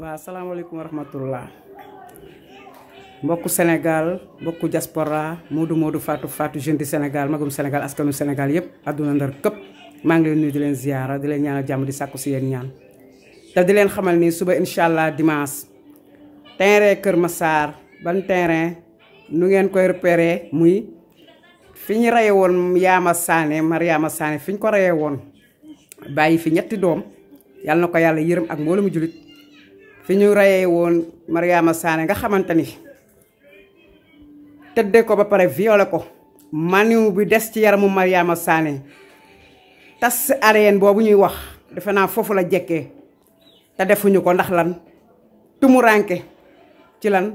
waa salaamaaleykum wa rahmatullah mbokku Sénégal mbokku diaspora Modou Modou Fatou Fatou jeune du Sénégal magum Sénégal askanu Sénégal yëpp àdduna ndar këpp maa ngi leen nuyu di leen ziyaara di leen ñaanal jàmm di sàkku si yéen ñaan te di leen xamal ni suba incha allah dimanche terrain Kër Massar ban terrain nu ngeen koy repéré muy fi ñu reye woon Yaama Sané Mariama saane fi ñu ko reye woon bàyyi fi ñetti doom yàlla na ko yàlla yërëm ak mbooloo mu jullit fi ñu reyee woon Mariama Sané nga xamante ni tëddee ko ba pare violé ko maniw bi des ci yaramu Mariama saane tas areen boobu ñuy wax defe naa foofu la jekkee te defuñu ko ndax lan tumuranke ci lan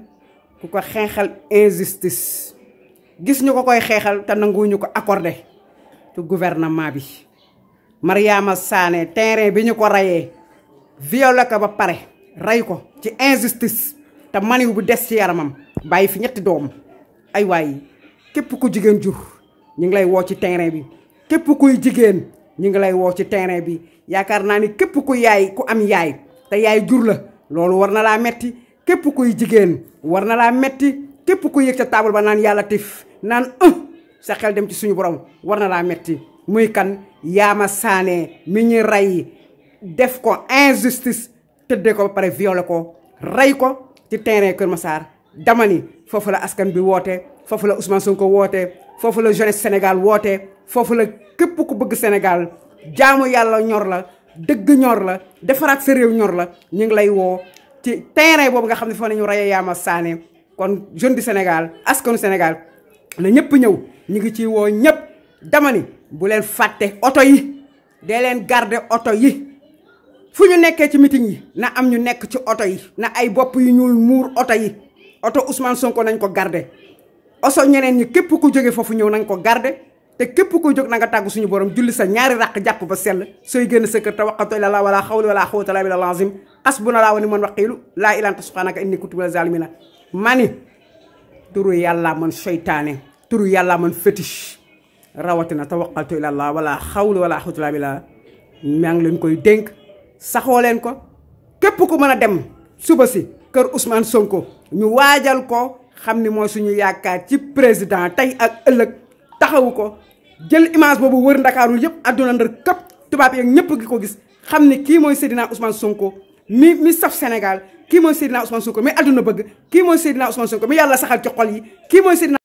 ku ko xeexal injustice gis ñu ko koy xeexal te nanguwuñu ko accordé ci gouvernement bi Mariama saane terrain bi ñu ko reyee violé ko ba pare rey ko ci injustice te maniw bu des ci yaramam bàyyi fi ñetti doom ay waay képp ku jigéen jur ñu ngi lay woo ci terrain bi képp kuy jigéen ñu ngi lay woo ci terrain bi yaakaar naa ni képp ku yaay ku am yaay te yaay jur la loolu war na laa metti képp kuy jigéen war na laa metti képp ku yëg ca taabal ba naan yàlla tif naan sa xel dem ci suñu borom war na laa metti muy kan Yaama Sané mi ñu rey def ko injustice tëddee ko ba pare violé ko rey ko ci terrain Kër Massar dama ni foofu la askan bi woote foofu la Ousmane Sonko woote foofu la jeunesse Sénégal woote foofu la képp ku bëgg senegal jaamu yàlla ñor la dëgg ñor la defaraat sa réew ñor la ñu ngi lay woo ci terrain boobu nga xam ne foofu la ñu reyee Yama Sané kon jeune du Sénégal askanu Sénégal la ñëpp ñëw ñu ngi ci woo ñëpp dama ni bu leen fàtte oto yi dee leen garder oto yi fu ñu nekkee ci meeting yi na am ñu nekk ci oto yi na ay bopp yu ñuul muur oto yi oto Ousmane Sonko nañ ko garde oso ñeneen ñi képp ku jóge foofu ñëw nañ ko garde te képp ku jóg na nga tàgg suñu borom julli sa ñaari ràq jàpp ba sell sooy génn sa kër te waqatu ila la wala xawla wala xawta la bila lazim xasbuna laa wa ni man waqiilu laa ilaanta subhanaka inni kuntu minaz zaalimiina mani turu yàlla man seytaane turu yàlla man fétiche rawatina te waqatu la wala xawla wala xawta la bila ngi leen koy dénk saxoo leen ko képp ko mën a dem suba si kër Ousmane Sonko ñu waajal ko xam ni mooy suñu yaakaar ci président tey ak ëllëg taxawu ko jël image boobu wër ndakaaru yëpp àdduna ndar këpp tubaab yeeg ñëpp ki ko gis xam ni kii mooy Seydina Ousmane Sonko mi mi saf Sénégal kii mooy Seydina Ousmane Sonko mi àdduna bëgg kii mooy Seydina Ousmane Sonko mi yàlla saxal ci xol yi kii mooy Seydina